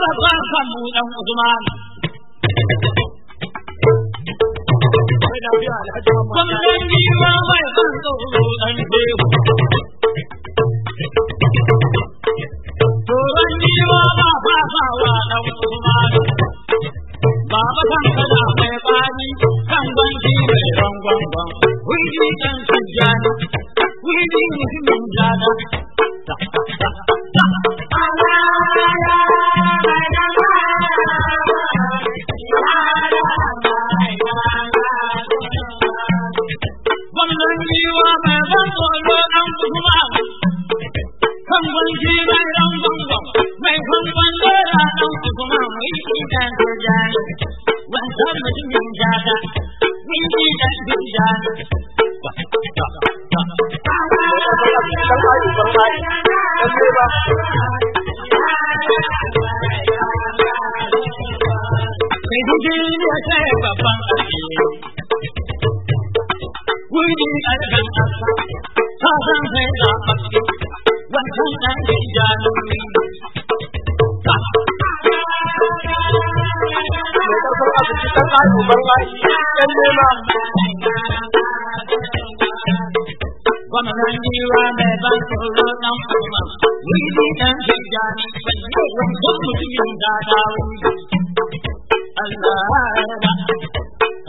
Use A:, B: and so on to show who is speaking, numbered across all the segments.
A: babban kanmu dan Usman. Kwallon giwa mai kan tsoro ɗan teku.
B: Tsoron giwa ba
A: fafawa ɗan Usman. Baba kan kada mai bani kan banki mai gwangwangwan. Wuri ɗan kan jana, wuri mutumin jana. đang ngồi mơ ông cũng vào không quân chi bay đông vòng vòng mày không quân đó là ông cũng vào mấy khi đang thời gian quan sớm mà chúng nhận ra ra những khi đang hiện ra Hãy subscribe cho kênh Ghiền Mì Gõ Để không bỏ lỡ những video hấp dẫn quy định anh gần thật tha rằng thế là bất kỳ anh đi ra đồng minh Cảm Người ta không ăn được cái tay của băng tay Em mua mà Qua mà anh đi ra mẹ bay của lỡ nóng của mà Quý vị đang đi đi Phải nhớ lòng không một cái nhìn ra đau Allah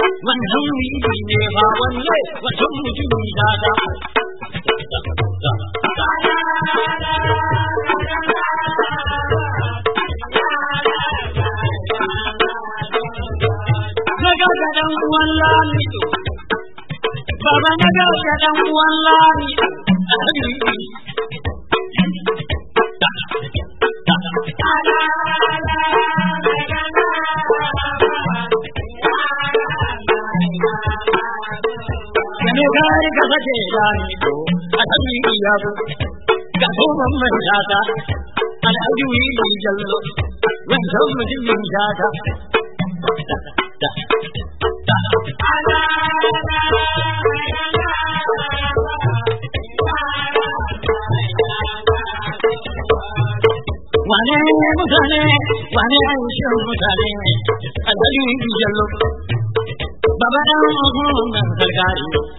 A: wannan wuri ne ba wanne wajen mutum da da Naga da dan baba da dan uwan lamido, mashe shani do a sani iyabu ga tsohon man shata yi wili jallo wani san mutumin shata wane mutane wane aishin mutane a dalilin jallo baba ɗan mahimman